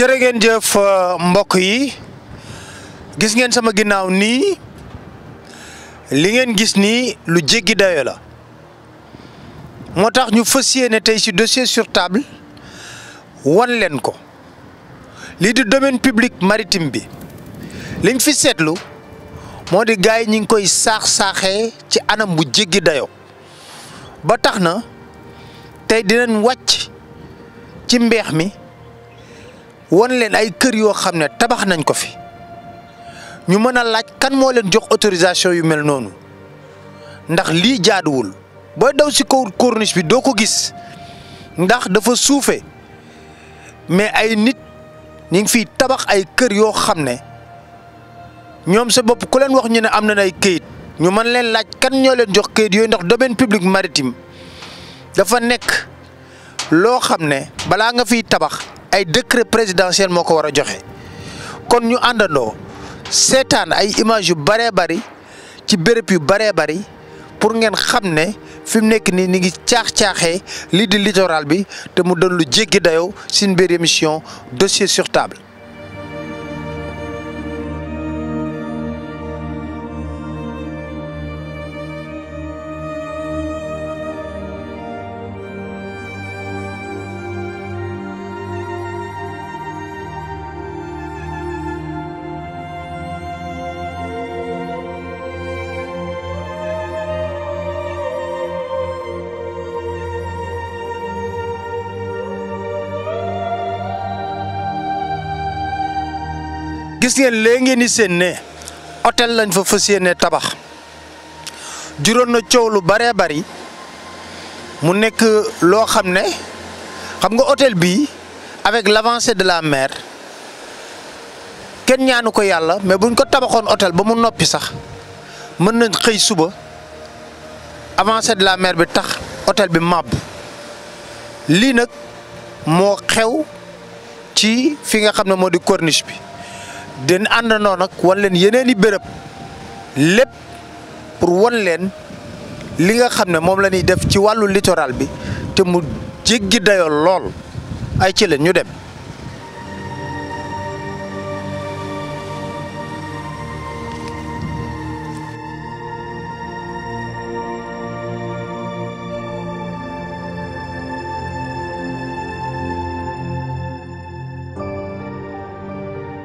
jërë ngeen jëf uh, mbokk yi gis ngeen sama ginau ni, li ngeen gis nii lu jéggi dayo la moo tax ñu fas yéene tey ci dossier sur table ko lii di domaine public maritime bi liñ fi seetlu moo di gars yi ñi koy saax-saaxee ci anam bu jéggi dayo ba tax na dinañ ci mi wan leen ay kër yoo xam ne tabax nañ ko fi ñu mën a laaj kan moo leen jox autorisation yu mel noonu ndax lii jaaduwul booy daw si kaw corniche bi doo ko gis ndax dafa suufe mais ay nit ñu ngi fiy tabax ay kër yoo xam ne ñoom sa bopp ku leen wax ñu ne am na ay këyit ñu mën leen laaj kan ñoo leen jox këyit yooyu ndax domaine public maritime dafa nekk loo xam ne balaa nga fi tabax ay décret présidentiel moko wara war joxe kon ñu andano sétane ay image yu bëree bëri ci béréb yu bëree pour ngeen xamné ne nek ni ngi tiax tiaxé li di littoral bi te mu doon lu jéggi dayoo mission biir émission dossier sur table gis ngeen léegi ngeen ne hôtel lañ fa fassiyéné tabax juróon na ciow lu baree bari mu nek lo xamné xam nga hôtel bi avec l'avancée de la mer ken ñaanuko yalla mais buñ ko tabaxone hôtel ba mu noppi sax mën nañ xey suba avancée de la mer bi tax hôtel bi mab. Li nak mo xew ci fi nga xamné modi corniche bi. den àndandoo nag wan leen yeneen i béréb lépp pour wan leen li nga xam ne moom la ñuy def ci wàllu littoral bi te mu jéggi dayoo lool ay ci leen ñu dem.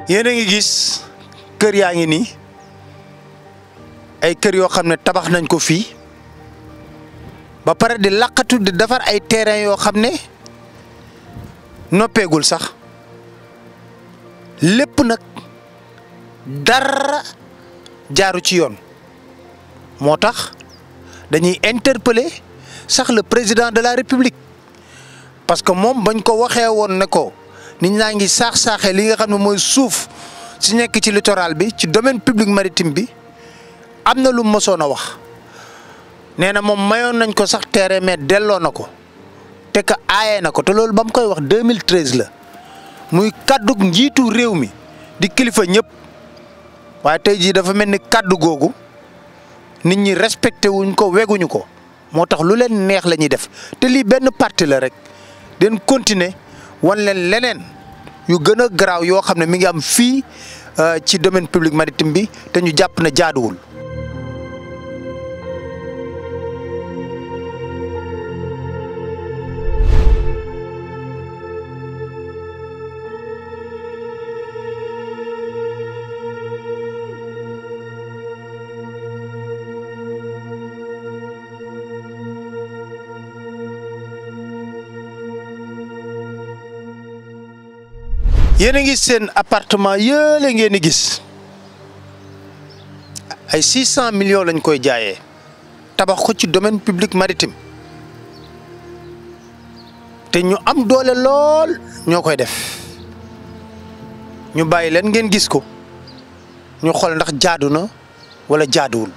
yéen a ngi gis kër yaa ngi nii ay kër yoo xam ne tabax nañ ko fii ba pare di laqatu di defar ay terrain yoo xam ne noppeegul sax lépp nag dara jaaru ci yoon moo tax dañuy interpeller sax le président de la république parce que moom bañ ko waxee woon ne ko. nit ñaa ngi saax-saaxee li nga xam ne mooy suuf si nekk ci littoral bi ci domaine public maritime bi am na lu mosoon a wax nee na moom mayoon nañ ko sax terrain mais delloo na ko te que aaye na ko te loolu ba mu koy wax 2013 la muy kàddug njiitu réew mi di kilifa ñëpp waaye tey jii dafa mel ni kàddu googu nit ñi respecté wuñ ko weguñu ko moo tax lu leen neex la ñuy def te lii benn parti la rek den continuer wan Len leneen yu gën a garaaw yoo xam ne mi ngi am fii eh, ci domaine public maritime bi te ñu jàpp yéen a ngi seen appartement yële ngeen di gis ay 600 millions lañ koy jaayee tabax ko ci domaine public maritime te ñu am doole lool ñoo koy def ñu bàyyi leen ngeen gis ko ñu xool ndax jaadu na wala jaaduwul.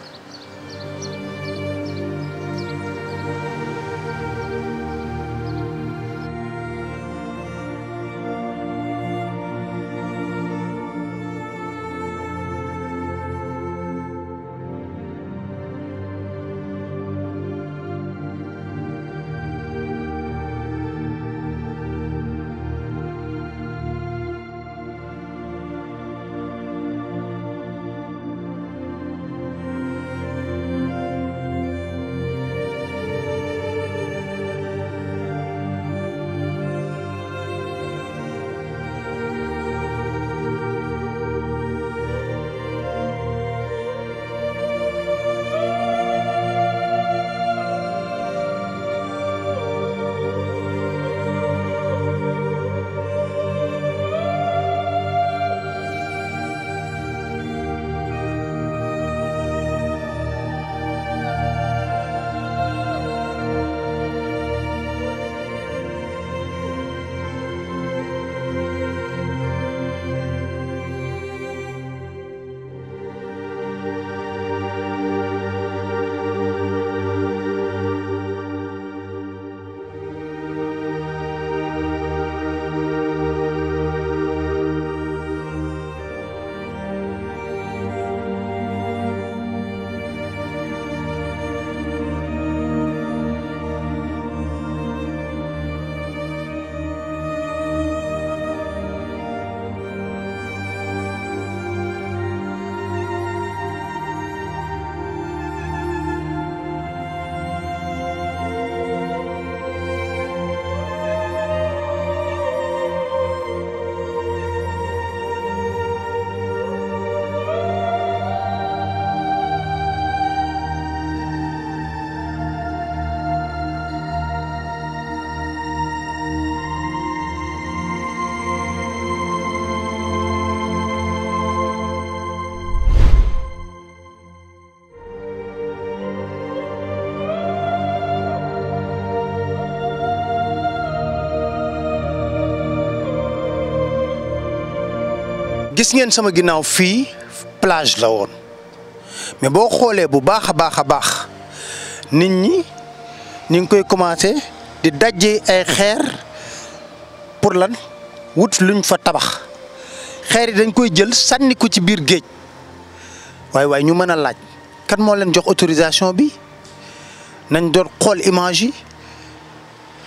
gis ngeen sama ginnaaw fii plage la woon mais boo xoolee bu baax a baax a baax nit ñi ñu ngi koy commencé di daje ay xeer pour lan wut luñ fa tabax xeer yi dañ koy jël sànni ko ci biir géej waaye waaye ñu mën a laaj kan moo leen jox autorisation bi nañ doon xool image yi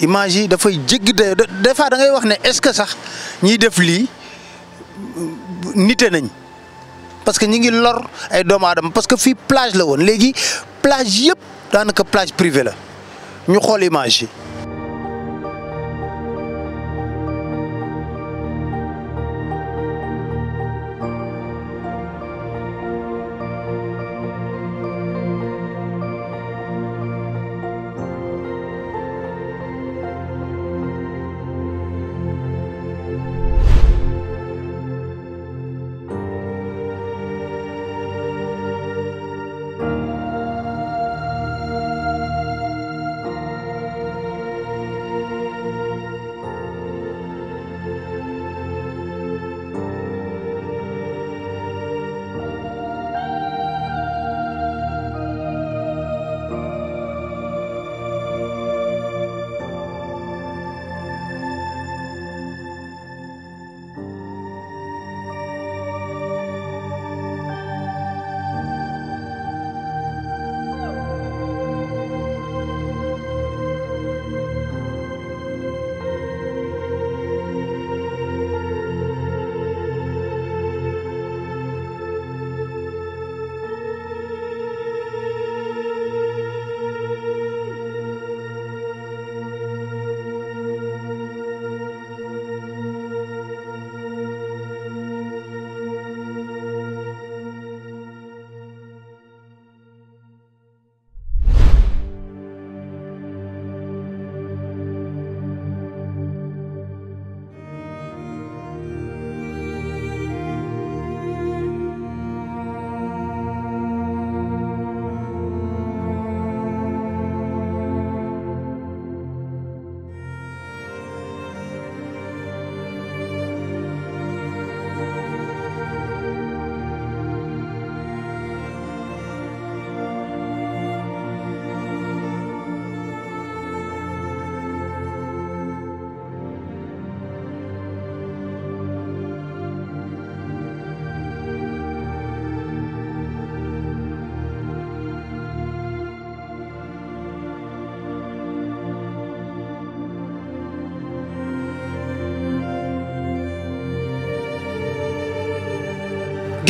image yi dafay jéggi de des fois da ngay wax ne est-ce que sax ñiy def lii. nite nañ parce que ñi ngi lor ay doomu aadama parce que fii plage la woon léegi plage yëpp daanaka plage privée la ñu xool image yi.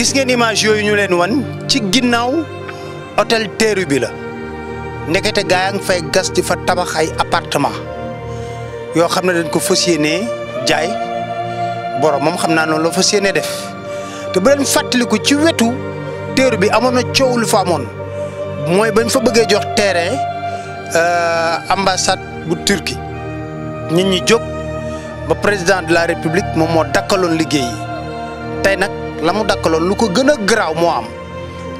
gis ngeen image yooyu ñu leen wan ci ginnaaw hôtel teeru bi la ndekete gaa fay gas di fa tabax ay appartement yoo xam ne dañ ko fa yéenee jaay borom moom xam naa noonu la fa yéenee def te bu leen fàttaliku ci wetu teeru bi amoon na coow lu fa amoon mooy bañ fa bëggee jox terrain euh, ambassade bu turki nit ñi jóg ba président de la république moom moo dakkaloon liggéey tey nag. la mu dakkaloon lu ko gën a garaaw moo am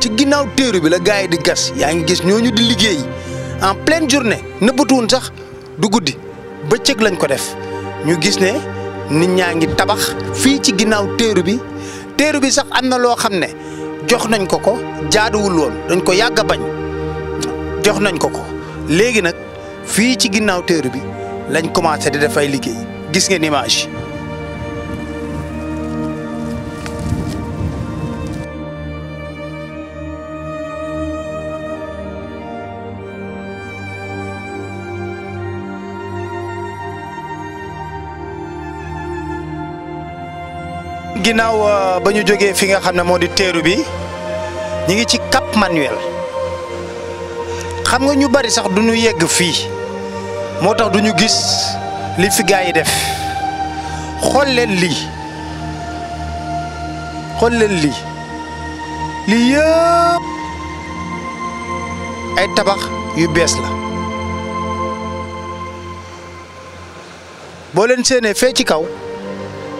ci ginnaaw téeru bi la gars yi di gas yaa ngi gis ñoo ñu di liggéey en pleine journée nëbbatuwun sax du guddi bëccëg lañ ko def ñu gis ne nit ñaa ngi tabax fii ci ginnaaw téeru bi téeru bi sax am na loo xam ne jox nañ ko ko jaaduwul woon dañ ko yàgg bañ jox nañ ko ko léegi nag fii ci ginnaaw téeru bi lañ commencé di def ay liggéey gis nga image ginnaaw euh, ba ñu jógee fi nga xam ne moo di teeru bi ñu ngi ci Cap Manuel xam nga ñu bari sax du ñu yegg fii moo tax du ñu gis li fi gaa yi def xool leen lii xool lii lii ay tabax yu bees la boo leen séenee fee ci kaw.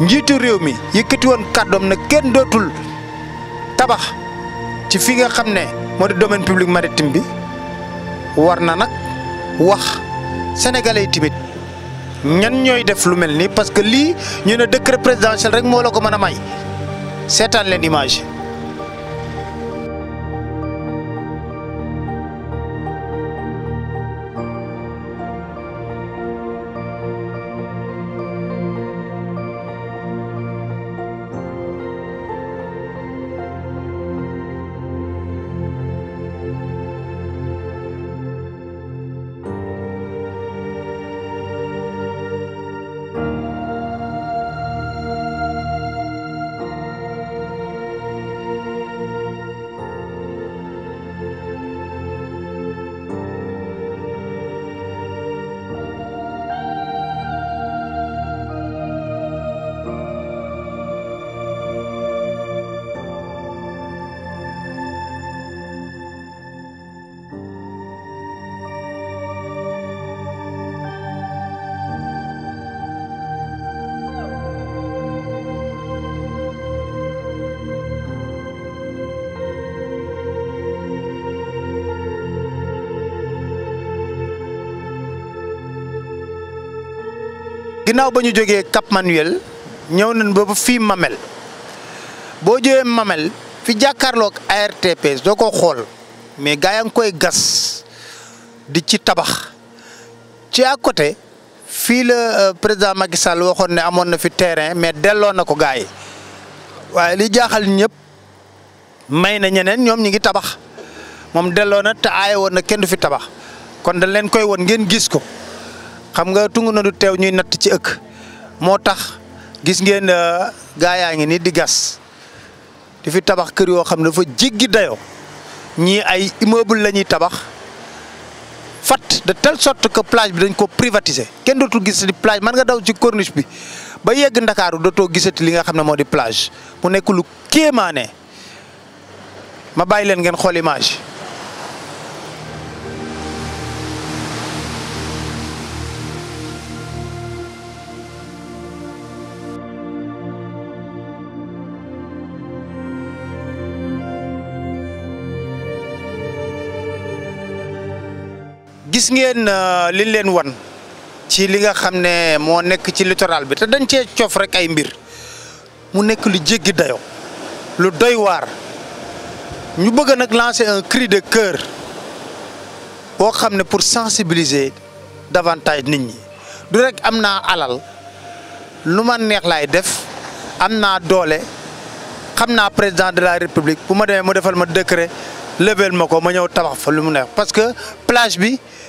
njiitu réew mi yëkkati woon kàddoom na kenn dootul tabax ci fi nga xam ne moo di domaine public maritime bi war na nag wax sénégalais yi tamit ñan ñooy def lu mel nii parce que lii ñu ne décret présidentiel rek moo la ko mën a may seetaan leen image ginnaaw ba ñu jógee Cap Manuel ñëw nañ ba fii Mamel boo jógee Mamel fi jàkkaarloog ARTP doo ko xool mais gaa yaa ngi koy gas di ci tabax ci à côté fii la euh, président Macky Sall waxoon ne amoon na fi terrain mais delloo na ko gaa yi waaye li jaaxal ñëpp may na ñeneen ñoom ñu ngi tabax moom delloo na te aaye woon na kenn du fi tabax kon da leen koy won ngeen gis ko. xam nga tungu na du tew ñuy natt ci ëkk moo gis ngeen euh, gaa yaa ngi ni di gas di fi tabax kër yoo xam ne dafa jéggi ay immeuble tabax fat de telle sorte que plage bi dañ ko privatiser kenn dootul gisati plage man nga daw ci corniche bi ba yegg ndakaaru dootoo gisati li nga xam di plage mu nekk lu kéemaane ma bàyyi leen ngeen xool image gis ngeen euh, liñ leen wan ci li nga xamné mo nek ci littoral bi té dañ ci coof rek ay mbir mu nek lu jéggi dayo lu doy war ñu bëgg nak lancer un cri de cœur bo xamné pour sensibiliser davantage nit ñi du rek amna alal lu ma neex lay def amna naa doole xam président de la république bu ma demee mu defal ma décret level mako ma ñew tabax fa lu mu neex parce que plage bi.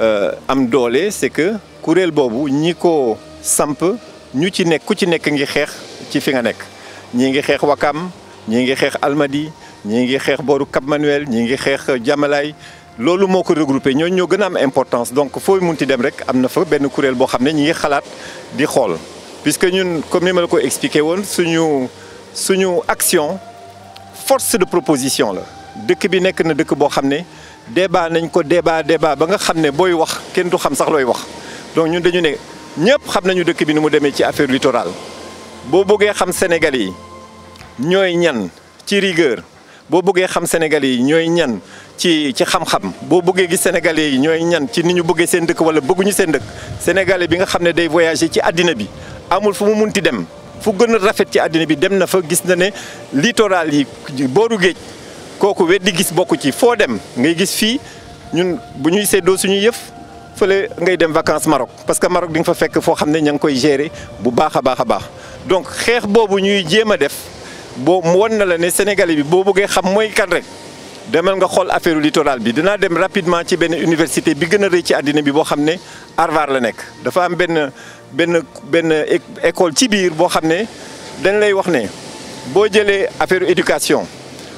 Euh, am doole c'est que kuréel bobu ñi ko samp ñu ci nek ku ci nek ngi xex ci fi nga nek ñi ngi xex Wakam ñi ngi xex Almadi ñi ngi xex boru Cap Manuel ñi ngi xex euh, Jamalay, lolu moko regrouper regroupé ñoo gën a am importance donc foo munti dem rek amna fa ben kuréel bo xam ñi ngi xalat di xol puisque ñun comme ni ma ko expliquer won suñu suñu action force de proposition la dëkk bi nekk na dëkk boo xam ne débat nañ ko débat débat ba nga xam ne booy wax kenn du xam sax looy wax donc ñun dañu ne ñëpp xam nañu dëkk bi ni mu demee ci affaire littoral boo bëggee xam Sénégal yi ñooy ñan ci boo bëggee xam Sénégal yi ñooy ñan ci ci xam-xam boo bëggee gis Sénégalais yi ñooy ñan ci ni ñu bëggee seen dëkk wala bëgguñu seen dëkk Sénégalais bi nga xam ne day voyager ci àddina bi amul fu mu munti dem fu gën a rafet ci àddina bi dem na fa gis na ne littoral yi booru géej. kooku weddi gis bokku ci fo dem ngay gis fi ñun bu ñuy séddoo suñu yëf fële ngay dem vacances Maroc parce que Maroc di nga fa fekk fo xam ñang koy gérer bu baaxa baaxa baax donc xex bobu ñuy jema def bo won na la né Sénégalais bi bo bëggee xam moy kan rek demel nga xol affaire littoral bi dina dem rapidement ci ben université bi gëna a ci adina bi bo xam arvar la nekk dafa am ben ben ben école ci bir bo xam dañ lay wax né bo jëlé affaire éducation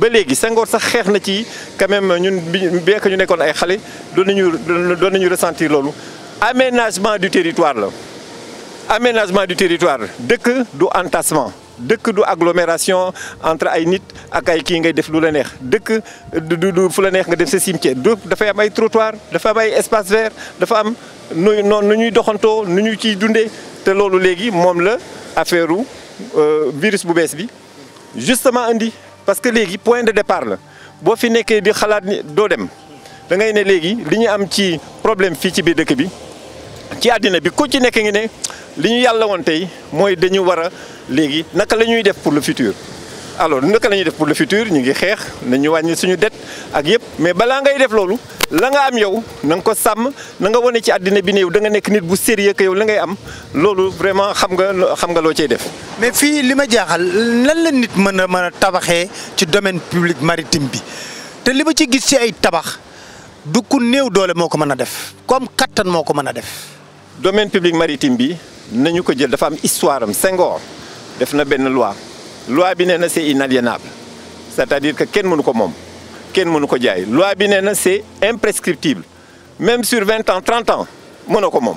C'est ce quand même que ressentir aménagement du territoire aménagement du territoire que du entassement deuk du agglomération entre ay nit ak ay ki ngay def lu neex du du fu la neex nga def cimetière du fay am ay trottoir da nous espace vert fa am nous ñuy nous euh, virus justement indi parce que léegi point de départ la boo fi nekkee di xalaat ni doo dem da ngay ne léegi li ñu am ci problème fii ci biir dëkk bi ci àddina bi ku ci nekk ngi ne li ñu yàlla woon tey mooy dañu war a léegi naka la ñuy def pour le futur. alors naka la ñuy def pour le futur ñu ngi xeex nañu wàññi suñu dette ak yëpp mais balaa ngay def loolu la nga am yow na nga ko sàmm na nga wane ci àddina bi ne yow da nga nekk nit bu sérieux que yow la ngay am loolu vraiment xam nga xam nga loo cay def. mais fii li ma jaaxal lan la nit mën a mën a tabaxee ci domaine publique maritime bi te li ma ci gis ci ay tabax du ku néew doole moo ko mën a def comme kattan moo ko mën a def. domaine publique maritime bi nañu ko jël dafa am histoire am Senghor def na benn loi. loi bi c'est inaliénable c'est-à-dire que kenn mënu ko mom mënu ko jaay loi bi c'est imprescriptible même sur 20 ans 30 ans mënoo ko mom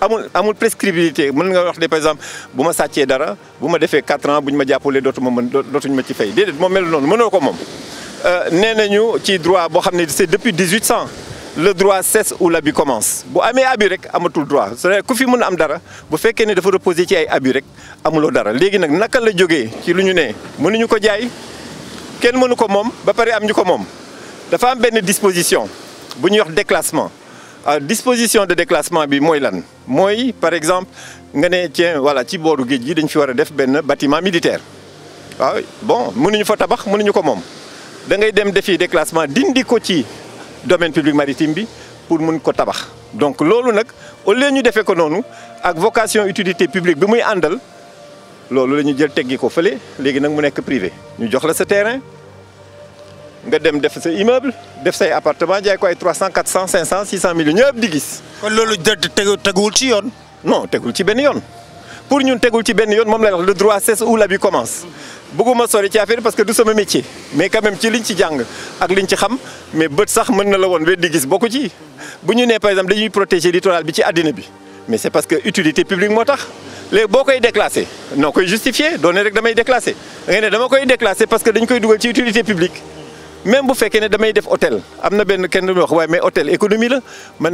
amul amul prescriptibilité mën nga wax par exemple buma satché dara si je suis 4 ans vous ma jappolé dotu ma mën ma ci fay dédé mel non ko mom euh, ci droit bo xamné c'est depuis 1800 le droit cesse où l'abus commence bu amee abus rek amatul droit su ku fi mën a am dara bu fekkee ne dafa reposer ci ay abus rek amuloo dara léegi nag naka la jógee ci lu ñu ne mënuñu ko jaay kenn mënu ko moom ba pare am ñu ko moom dafa am benn disposition bu wax déclassement ah, disposition de déclassement bi moy lan moy par exemple nga ne tiens voilà ci bordu géej gi dañ fi wara def benn bâtiment militaire waaw ah bon mënuñu fa tabax mënuñu ko mom da ngay dem défi déclassement dindi ko ci domaine public maritime pour mun ko tabax donc lolo nak au lieu ñu defee ko noonu ak vocation utilité publique bi muy àndal loolu la ñu jël teggi ko fële léegi nag mu privé ñu jox la terrain nga dem def sa immeuble def say appartement jay ko 300 400 500 600 millions ñepp di gis. kon lolu dëd teguwul ci yoon. non tegul ci ben yoon pour ñun tegul ci ben yoon mom lay wax le droit cesse où l'abus commence sori ci affaire parce que nous sommes métier mais quand même ci liñ ak liñ ci xam mais beut sax mën na la gis par exemple dañuy protéger littoral bi ci mais c'est parce que utilité publique motax Les bokoy déclasser rek parce que dañ koy ci utilité publique même bu féké né damay def hôtel amna ben kenn wax mais hôtel économie la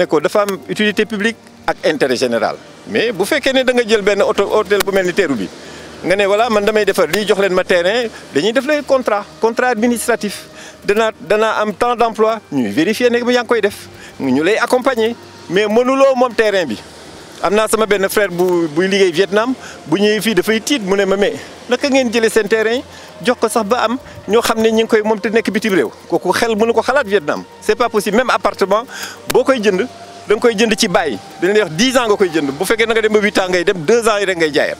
utilité publique intérêt général mais bu vous né da nga hôtel nga ne voilà man damay defar li jox len ma terrain dañuy def lay contrat contrat administratif danaa danaa am temps d'emploi emploi vérifier ne ba yang koy def ñu lay accompagner mais mënuloo mom terrain bi. amna sama benn frère bu buy liggéey Vietnam bu ñëwee fii dafay tiit mu ne ma mais naka ngeen jëlé sen terrain jox ko sax ba am ño xamné ne ñi ngi koy moom te nekk bitim réew kooku xel mënu ko xalat Vietnam c'est pas possible même appartement bokoy jënd dang koy jënd ci bay dañ lay wax 10 ans nga koy jënd bu féké nga dem ba 8 ans ngay dem 2 ans rek ngay jaayaat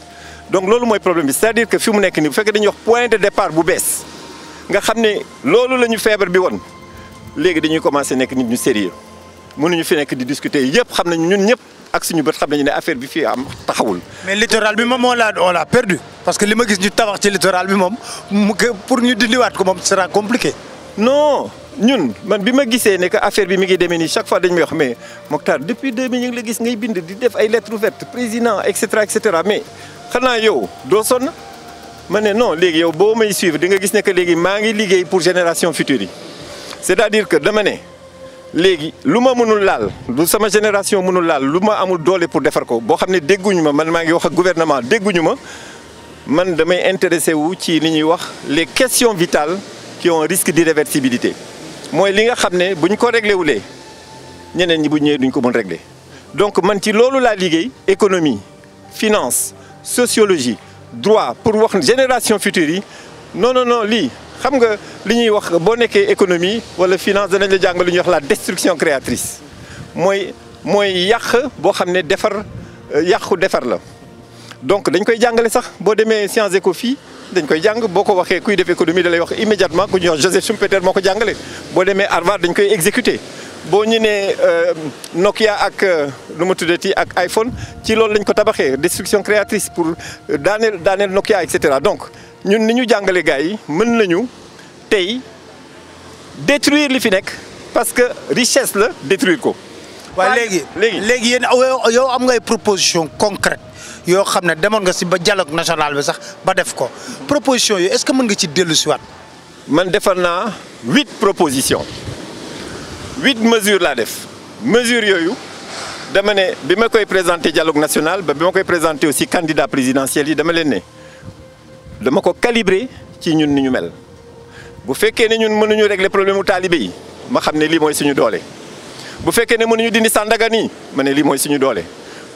donc loolu mooy problème bi c'est-à-dire que fi mu nekk nii bu fekkee dañuy wax point de départ bu bees nga xam ne loolu la ñu feebar bi woon léegi dañuy commencé nekk nit ñu sérieux mënuñu fi nekk di discuter yëpp xam nañ ñun ñëpp ak suñu bët xam nañu ne affaire bi fii am taxawul. mais littoral bi moom moo laa on l'a perdu parce que li ma gis ñu tabax ci littoral bi moom mu pour ñu dindiwaat ko moom sera compliqué. non ñun man bi ma gisee ne que affaire bi mi ngi demee nii chaque fois dañ may wax mais Mokhtar depuis 2000 ñu ngi la gis ngay bind di def ay lettres ouvertes président et cetera et cetera mais xanaa yow do son mané non légui yow bo may suivre di nga gis ne que léegi maa ngi liggéey pour génération future yi c'est-à-dire que dama ne légui luma mënul lal lu sama génération mënul lal luma amul doole pour defar ko bo xamné dégguñuma man ma ngi wax ak gouvernement dégguñuma man damay intéressé wu ci li ñuy wax les questions vitales qui ont un risque d'irréversibilité moy li nga xamné buñ bu ñu ko réglé wulee ñeneen ñi bu ñëw duñ ko mën régler. donc man ci lolu la liggéey économie finance sociologie droit pour voir une génération future non non non li. xam nga li l'économie wax la économie wala finance dañ la jàng la destruction créatrice Moy moy yak nous xamné ne ça. Euh, la donc dañ koy sax sciences éco nous dañ koy jàng boko waxé kuy def économie wax immédiatement ku Joseph Schumpeter moko jàngalé. Bo démé Harvard dañ koy exécuter boo ñu nee euh, Nokia ak lu euh, ma tuddati ak iPhone ci loolu lañ ko tabaxee destruction créatrice pour euh, Daniel, Daniel Nokia et cetera donc ñun ni ñu gaay gars yi détruire li fi nekk parce que richesse la détruire ko. waaw léegi léegi léegi oh, yow am ngay proposition concrète yoo xam ne demoon nga si ba dialogue national bi sax ba def ko mhm. proposition yooyu est-ce que mën nga ci dellu si waat man defal naa propositions huit mesures la def mesures yoyu dama né bima koy présenter dialogue national ba bima koy présenter aussi candidat présidentiel yi dama len né dama ko calibrer ci ñun ni ñu mel bu féké né ñun ñu régler problème talibé. taalibe yi ma xam ne lii suñu doolé bu né mënu ñu dindi Sandaga ni ma li moy suñu doolé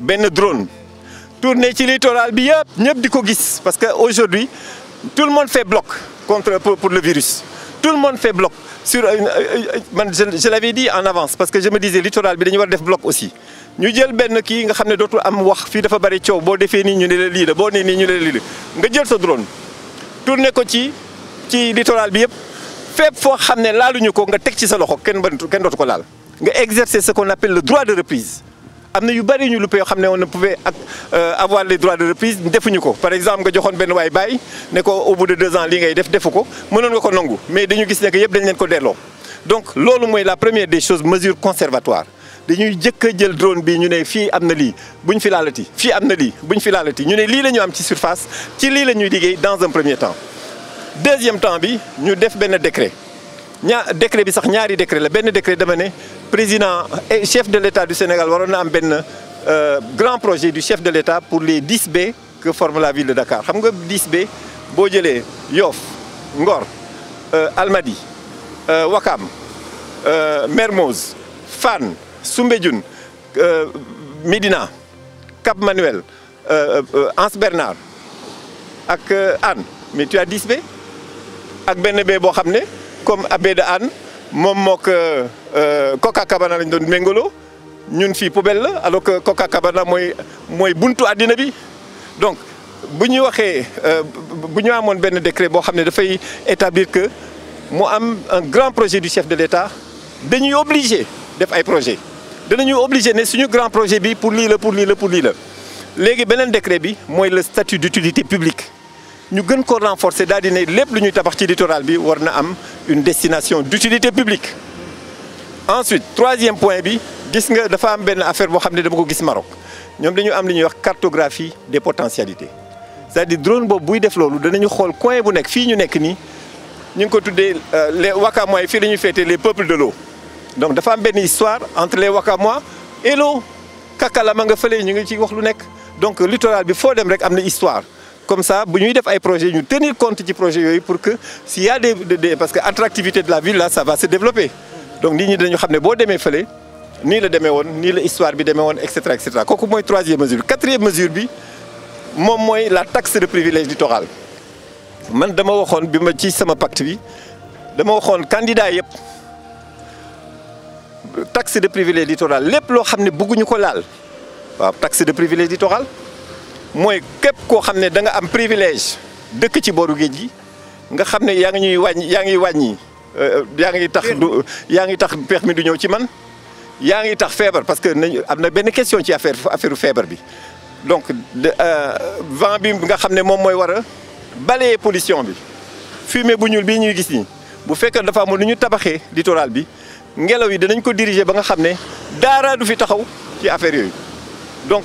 Ben drone tourner ci littoral bi ñep gis parce que tout le monde fait bloc contre pour, le virus tout le monde fait bloc sur euh, euh, je, l'avais dit en avance parce que je me disais littoral bi dañu war def bloc aussi ñu jël Ben qui nga xamné ne am wax fi dafa bari ciow bo ni ñu qui la ni ñu nga jël drone ko ci ci littoral bi yëpp fep fo xamné ko nga tek ci sa loxo ko nga exercer ce qu'on appelle le droit de reprise amna yu bari ñu loupé yoo on ne pouvait euh, avoir les droits de reprise defuñu ko par exemple nga joxone benn way bay ne ko au bout de deux ans li ngay def defu ko mënoon nga ko nangu mais dañu gis ne que yëpp dañ leen ko delloo donc loolu moy la première des choses mesure conservatoire dañuy jëkke jël drone bi ñu né fi amna li buñ fi lalati fi amna li buñ fi lalati ñu ne li lañu am ci surface ci li lañuy ñuy liggéey dans un premier temps deuxième temps bi ñu def benn décret le décret bi sax ñaari décret la benn décret dama président et chef de l'État du Sénégal on na am benn euh, grand projet du chef de l'État pour les 10 B que forme la ville de Dakar xam nga 10 B bo Yoff Ngor euh, Almadi euh, Wakam Mermoz Fann euh, Medina, Cap Manuel Anse Bernard ak Anne. mais tu as 10 B ak benn B boo comme abbé de Hann que le Coca Cabana lañ doon méngaloo ñun fii poubelle alors que Coca Cabana est mooy buntu adina bi donc si on a un décret on xam fait établir que mu am un grand projet du chef de l'État dañuy obligé def ay projet nous obligé ne un grand projet bi pour l'île, pour l'île. pour décret bi le statut d'utilité publique nous gën ko renforcer daal di ne lépp lu ñuy tabax ci littoral bi war une destination d'utilité publique. ensuite troisième point bi gis nga dafa am benn affaire qui est ne dama ko Maroc Nous dañu am cartographie des potentialités c'est-à-dire drone boobu buy def loolu danañu xool coin bu nekk fii ñu nekk nii ñu Nous ko tous euh, les Wakamois fii nous féetee les peuples de l'eau donc dafa am une histoire entre les Wakamois et l'eau Kakala la nga fële ñu ngi ci wax lu Donc, donc littoral bi faut dem rek histoire comme ça nous devons des projets tenir compte des projet pour que s'il y a des parce que de la ville là ça va se développer donc ni ñi ne la la troisième mesure quatrième mesure bi la taxe de privilège littoral man suis dit, pacte candidat taxe de privilège littoral ne taxe de privilège littoral moy képp ko xamné da nga am privilège dëkk ci boru géej gi nga xamné ya yaa ngi ñuy ya yaa ngi wañi euh, ya ngi tax ya yaa ngi tax permis du ñëw ci man ya ngi tax fièvre parce que nañu am na benn question ci affaire affaire fièvre bi donc euh vent bi nga xamné mom moy wara balayer pollution bi fumée bu ñuul bii ñuy gis ni bu fekk dafa amul lu ñu tabaxee littoral bi ngelaw yi dinañ ko diriger ba nga xamné dara du fi taxaw ci affaire yoyu donc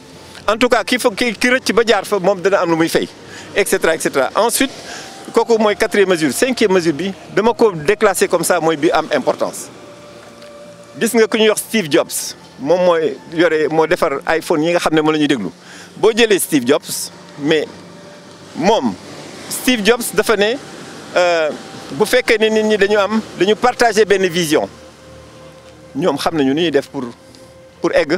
en tout cas qu'il faut qu'il rëcc ba jaar fa moom dana am lu muy fay et cetera et cetera ensuite kooku mooy quatrième mesure cinquième mesure bi dama ko déclasser comme ça moi, bi am importance gis nga ku ñuy Steve Jobs moom mooy yore moo defar iPhone yi nga xam ne moom la ñuy déglu boo jëlee Steve Jobs mais mon, Steve Jobs dafa euh, bu fekkee ne nit ñi dañu am dañu partager une vision ñoom xam nañu ni ñuy def pour pour egg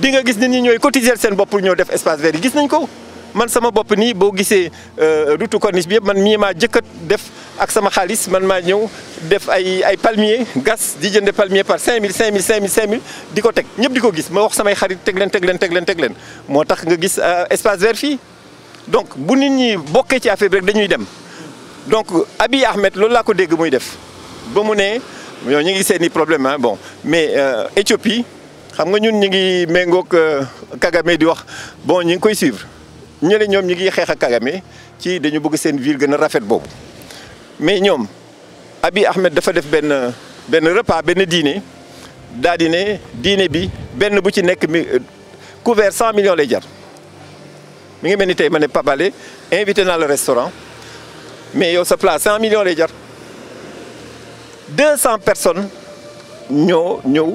di nga gis nit ñi ñoy cotiser sen bopp pour ñoo def espace vert gis nañ ko man sama bopp nii boo gisee euh, route corniche bi yëpp man mii maa jëkkat def ak sama xaliss man ma ñëw def ay ay palmier gas di jënde palmier par 5000 5000 5000 5000 diko tek teg diko gis ma wax sama xarit tek len tek len tek len tek len motax nga gis euh, espace vert fi donc bu nit ñi bokké ci affaire rek dañuy dem donc abi Ahmed loolu la ko dégg muy def ba mu né ñoo ñu ngi seeni problème ah bon mais euh, Éthiopie mengok euh, Kagame bon, ñing koy suivre. Ñele ñom ñi ngi xex ak Kagame ci dañu bëgg seen ville gëna rafet bobu. Mais ñom Abi Ahmed dafa def ben ben repas ben dîner da dîner dîner bi ben bu ci nek euh, couvert 100 millions de jar. Mi ngi melni tay mané dans le restaurant. Mais yo sa place 100 millions de jar. 200 personnes ñoo ñoo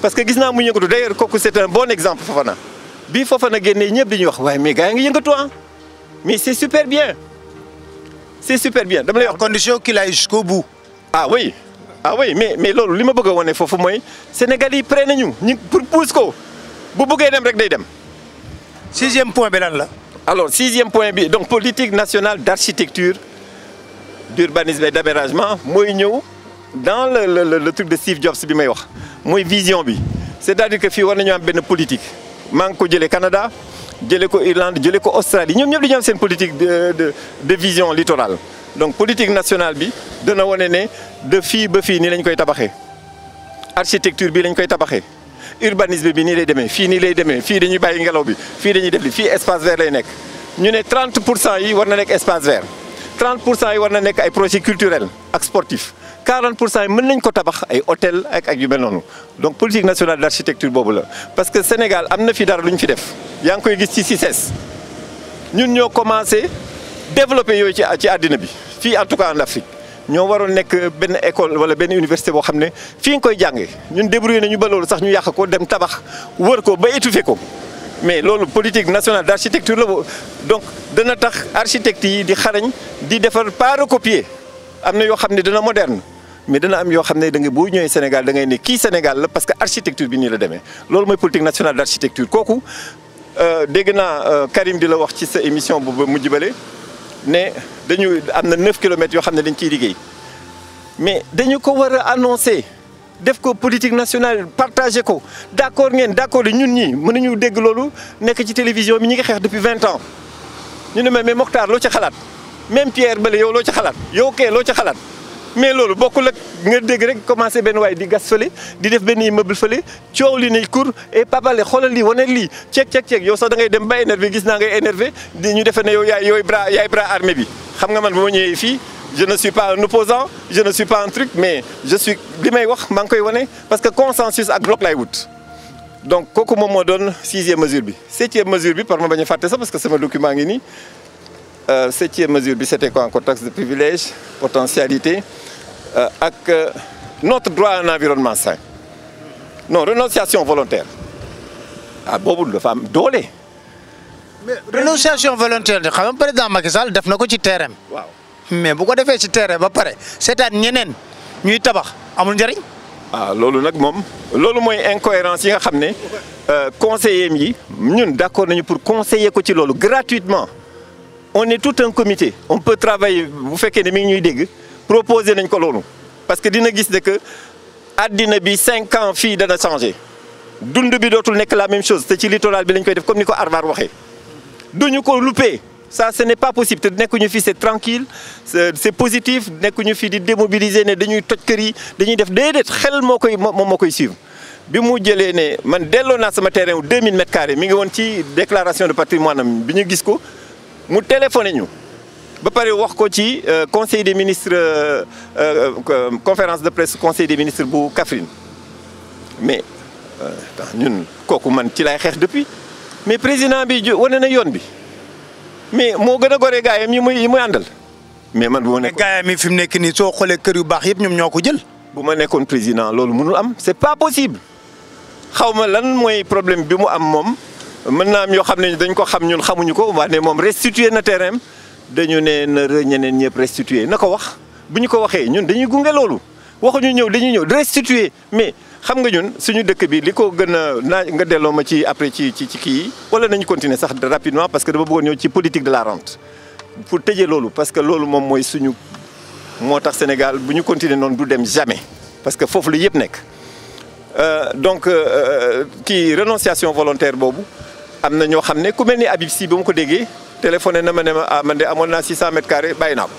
parce que gis naa mu d'ailleurs c'est un bon exemple Fofana Bi Fofana génnee ñëpp di wax mais gars yi hein. mais c'est super bien c'est super bien dama lay wax. condition qu'il aille jusqu'au bout. ah oui ah oui mais mais lolo, li ma bëgg a wane foofu mooy yi pour pousse Vous bu bëggee dem rek dem. sixième point bi alors sixième point bi donc politique nationale d'architecture d'urbanisme et d'aménagement mooy dans le le le le truc de Steve Jobs bi may wax vision bi c'est-à-dire que si war nañu am benn politique maa ngi ko jëlee Canada jëlee ko Irlande jëlee ko Australie ñoom ñëpp dañu am seen politique de de de vision littorale. donc politique nationale bi dana wane ne de fii ba fii nii lañ koy architecture bi lañ koy tabaxé urbanisme bi ni lay démé fi ni lay démé fi dañuy bayyi ngelaw bi fi dañuy def fi espace vert lay nek ñu 30 yi war na nek espace vert 30 yi war na nek ay projets culturels ak sportifs. 40 pour cent ko tabax ay hôtel ak ak yu mel donc politique nationale d'architecture bobu la parce que Sénégal amna fi dara luñ fi def yang koy gis ci CICES ñun ñoo commencé développer yoy ci ci bi fi en tout cas en Afrique ñoo waroon nek ben école wala ben université bo xamné fi fii nga koy jàngee ñun débrouillé nañu ba loolu sax ñu yàq ko dem tabax wër ko ba étouffé ko mais loolu politique nationale d'architecture, la donc dana tax architecte yi di xarañ di defar pas recopier amna yo xamné xam dana moderne mais dana am yo xamné da nga boo ñëwee Sénégal da ngay ne ki Sénégal la parce que architecture bi ni la démé lool moy politique nationale d'architecture koku euh dégg na euh, Karim dila wax ci sa émission bu mujj bale né dañu amna 9 km yo xamné dañ ciy liggéey mais dañu ko war annoncer def ko politique nationale partager ko d'accord accord ngeen d' ñun ñi mënuñu dégg loolu nek ci télévision mi ñi nga xeex depuis 20 ans ñu ne mais Mokhtar lo ci xalat même Pierre bële yow lo ci xalat yow kee lo ci xalat mais loolu bokkul ak nga dégg rek commencé ben way di gas fële di def benn immeuble fële ciow li ni cour et papale xoolal lii woné li ceeg ceeg ceeg yow sax da ngay dem ba énervé gis na ngay énervé di ñu defee né yow yaay yoy bra yaay bra armée bi xam nga man bu ma ñëwee fii je ne suis pas un opposant je ne suis pas un truc mais je suis li may wax mang koy woné parce que consensus ak bloc lay wut donc kooku moom donne 6e mesure bi 7e mesure bi par ma bañu faté fàtte sax parce que sama document ngi ni cette euh, septième mesure bi c'était quoi contexte de privilège potentialité euh, avec euh, notre droit à un environnement sain non renonciation volontaire beaucoup de femmes, dolé. Mais renonciation volontaire de xam nga président Macky Sall def fait ko ci terrain waaw mais bu ko defee ci terrain c'est un seetaan ñeneen ñuy tabax amul njëriñ. ah lolo nak mom loolu moy incohérence yi nga xamné euh conseillers yi ñun d'accord nañu pour conseiller ko ci lolo gratuitement on est tout un comité on peut travailler Vous fekkee ne mi ngi ñuy dégg proposer nañ ko loolu parce que dina gis ne que addina bi cinq ans fii dana changé dund bi dootul nekk la même chose te ci littoral bi lañ koy def comme ni ko Arvar duñu ko loupé ça ce n'est pas possible te nekkuñu fi c'est tranquille c'est positif nekkuñu fi di démobiliser ne dañuy toj kër yi dañuy def déedéet xel moo koy moom moo koy suivre bi mu jëlee ne man delloo sama terrain 2000 mètres carrés mi ngi woon ci déclaration de patrimoine am bi ñu gis ko mu téléphoné ñu ba paré wax ko ci euh, conseil des ministres euh, euh, conférence de presse conseil des ministres bu Kaffrine mais ñun koku man ci lay xex depuis mais président bi woné na yoon bi mais mo gëna goré gore gaayam yi muy yi muy àndal. mais man bu ma nekkoon gaayam yi fi mu nekk nii soo xoolee kër yu bax yëpp ñom ñoko jël. bu ma nekkoon président loolu mënul am c'est pas possible xawma lan moy problème bi mu am mom mën naa am yoo xam ne dañ ko xam ñun xamuñu ko waa ne moom restitué na terrain dañu ne na ñeneen ñëpp restitué na ko wax bu ñu ko waxee ñun dañuy gunge loolu waxuñu ñëw dañuy ñëw restitué mais xam nga ñun suñu dëkk bi li ko gën a naa nga delloo ci après ci ci ci wala nañu continuer sax rapidement parce que dafa bëggoon ñëw ci politique de la rente pour tëjee loolu parce que loolu moom mooy suñu moo tax Sénégal bu ñu continuer noonu du dem jamais parce que foofu lu yëpp nekk euh, donc qui euh, euh, renonciation volontaire boobu amna na ñoo xam ku melni Habib Sy ba mu ko déggé téléphoné na ma ne ma ah man de amoon naa 600 mètres carrés bayina naa ko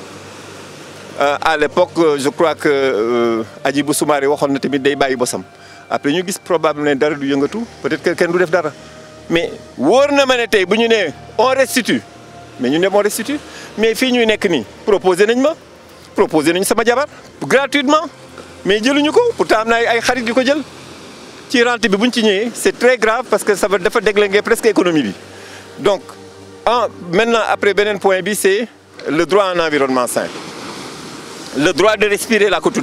euh, à l'époque euh, je crois que euh, Hadjibou Soumaré waxon na tamit day bàyyi bosam après ñu gis probable né dara du yëngatu peut-être que kenn du def dara mais wóor na ma ne tey bu ñu né on restitue mais ñu né on restitue mais fi ñuy nekk ni proposer nañ ma proposer nañ sama jabar gratuitement mais jëluñu ko pourtant am na ay xarit di ko jël c'est très grave parce que ça va déglinguer presque l'économie. donc maintenant après le point bi c'est le droit à un environnement sain le droit de respirer la côte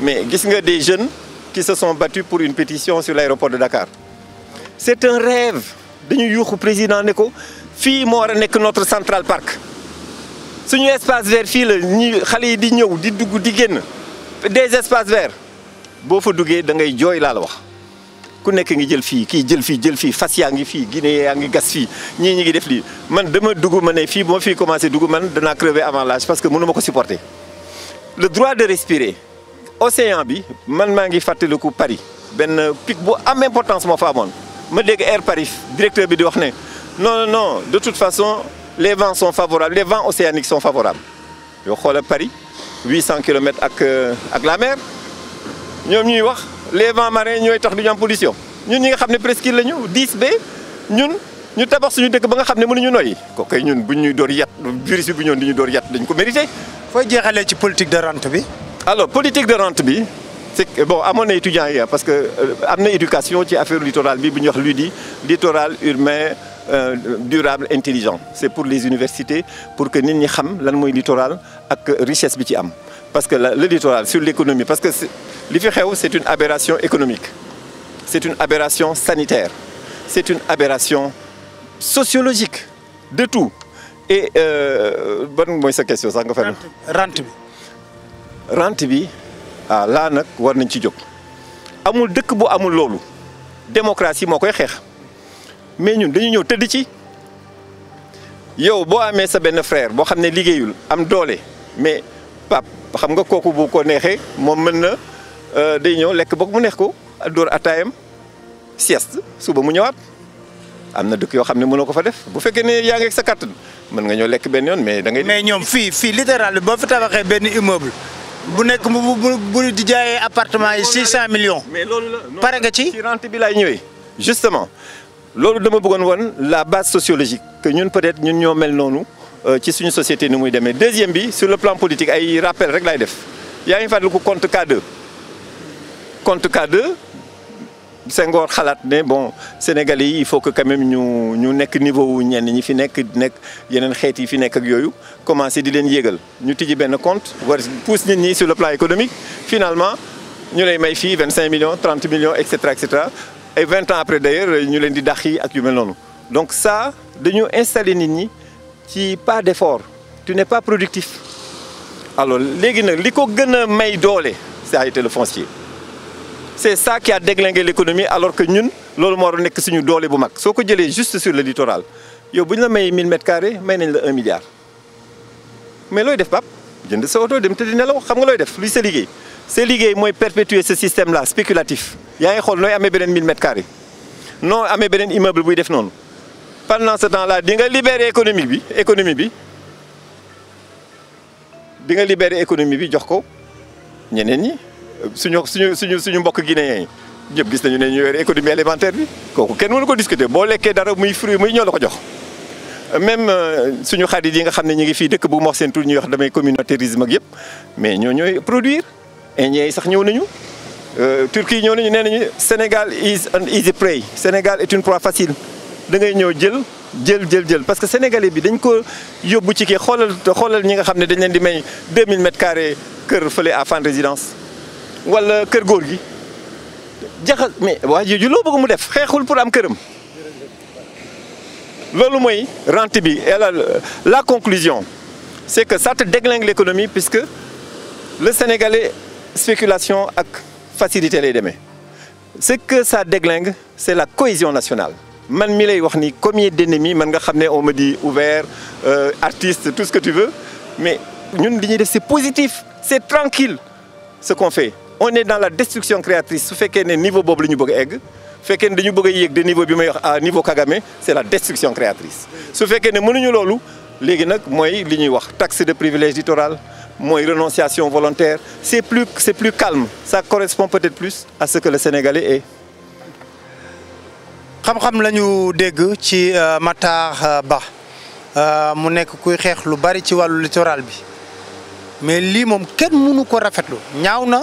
mais gis nga des jeunes qui se sont battus pour une pétition sur l'aéroport de Dakar c'est un rêve nous, New président ne ko fii que notre Central Park suñu espace vert des espaces verts bo fa duggee da ngay joy laa la wax ku nek ngi jël fi ki jël fi jël fi fas yaa ngi fii Guinée yaa ngi gas fi ñii ñi ngi def li man dama dugg mané fi fii fi commencé dugg man dana crever avant l'âge parce que mënu ma ko supporter le droit de respirer océan bi man ma ngi faté fàttaliku Paris ben pic bu am importance mo fa amoon ma dégg Air Paris directeur bi di wax né non non de toute façon les vents sont favorables les vents océaniques sont favorables yo xolé Paris 800 km ak euh, ak la mer ñoom ñuy wax les vents marins ñoy tax du ñam am pollution ñun ñi nga xam ne presqu'île lañu 10B ñun ñu tabax suñu dëkk ba nga xam ne mënuñu noyyi ko kay ñun buñ ñuy door yat virus bi bu ñoon door dañ ko mériter fooy jéxalé ci politique de rente bi. alors politique de rente bi c'est bon amon étudiant hier parce que euh, amna éducation ci affaire littoral bi bu ñuy wax LUDI littoral urbain euh, durable intelligent c'est pour les universités pour que nit ñi xam lan moy littoral ak richesse bi ci am parce que le littoral sur l'économie parce que c'est une aberration économique c'est une aberration sanitaire c'est une aberration sociologique de tout et bonne moi cette question Ça nga rente rente bi ah, la amul amul démocratie mais ñun dañu ci yow frère am mais pap xam nga bu euh, day ñëw lekk boog mu neex ko door ataayam sieste suba mu ñewat amna na dëkk yoo xam ne ko fa def bu fekke ne yaa ngi ak sa kàttan mën nga ñëw lek ben yoon mais da ngay. mais ñom fi fi littéral bi boo fi tabaxee benn immeuble. bu nekk bu bu di jaayé appartement yi 600 millions. mais loolu la pare nga ci. ci rente bi lay ñëwee. justement loolu dama bëggoon won la base sociologique que ñun peut-être ñun ñoo mel nonu euh, ci suñu société ni muy démé deuxième bi sur le plan politique ay rappel rek lay def yaa ngi fàttaliku compte K2 compte cas de Senghor bon sénégalais il faut que quand même nous, n'ek niveau wu ñi fi compte sur le plan économique finalement ñu lay may millions 30 millions etc. etc. et 20 ans après d'ailleurs ñu len di nous. donc ça nous installer nit ñi pas d'effort tu n'es pas productif alors ce qui may ça a été le foncier c'est ça qui a déglingué l'économie alors que ñun loolu moo doon nekk suñu doole bu mag soo ko juste sur le littoral yow bu ñu la may 1000 m 2 may nañ la 1 milliard mais looy def pap jënd sa oto dem tëdd nelaw xam nga looy def luy sa liggéey C'est liggéey mooy perpétuer ce système là spéculatif yaa ngi xool nooy amee beneen 1000 m carrés noo amee beneen immeuble buy def noonu pendant ce temps là di nga libérer économie bi économie bi di nga libérer économie bi jox ko ñeneen ñi suñu suñu suñu suñu économie alimentaire bi kenn mënu ko discuter des fruits, dara muy fruit muy ñoo la même euh, suñu xarit yi nga xamné ñi ngi fi dëkk bu wax ñuy wax damay communautarisme ak yépp mais ñoo produire des sax ñëw nañu euh, nañu Sénégal is an easy prey Sénégal est une proie facile da ngay ñëw jël jël jël parce que sénégalais bi dañ ko yobbu ci des xolal ñi nga des dañ leen di may 2000 m2 kër feulé à des Résidence wala kër maison gi mais mu def pour am rente la conclusion c'est que ça te déglingue l'économie puisque le Sénégalais spéculation ak facilité les demee ce que ça déglingue c'est la cohésion nationale man mi lay wax ni combien d'ennemis man nga xamné on me dit ouvert euh, artiste tout ce que tu veux mais ñun c'est positif c'est tranquille ce qu'on fait on est dans la destruction créatrice su fait niveau boobu la niveau bëgg a egg dañu bëgg a de niveau bi may wax à niveau Kagame c'est la destruction créatrice su fekkee ne mënuñu niveau léegi nag mooy li wax taxe de privilège littoral mooy renonciation volontaire c'est plus c'est plus calme ça correspond peut-être plus à ce que le Sénégalais est xam-xam la ñu dégg ci euh, Matar euh, Ba euh, mu nekk kuy xeex lu bari ci wàllu littoral bi mais lii moom kenn mënu ko rafetlu ñaaw na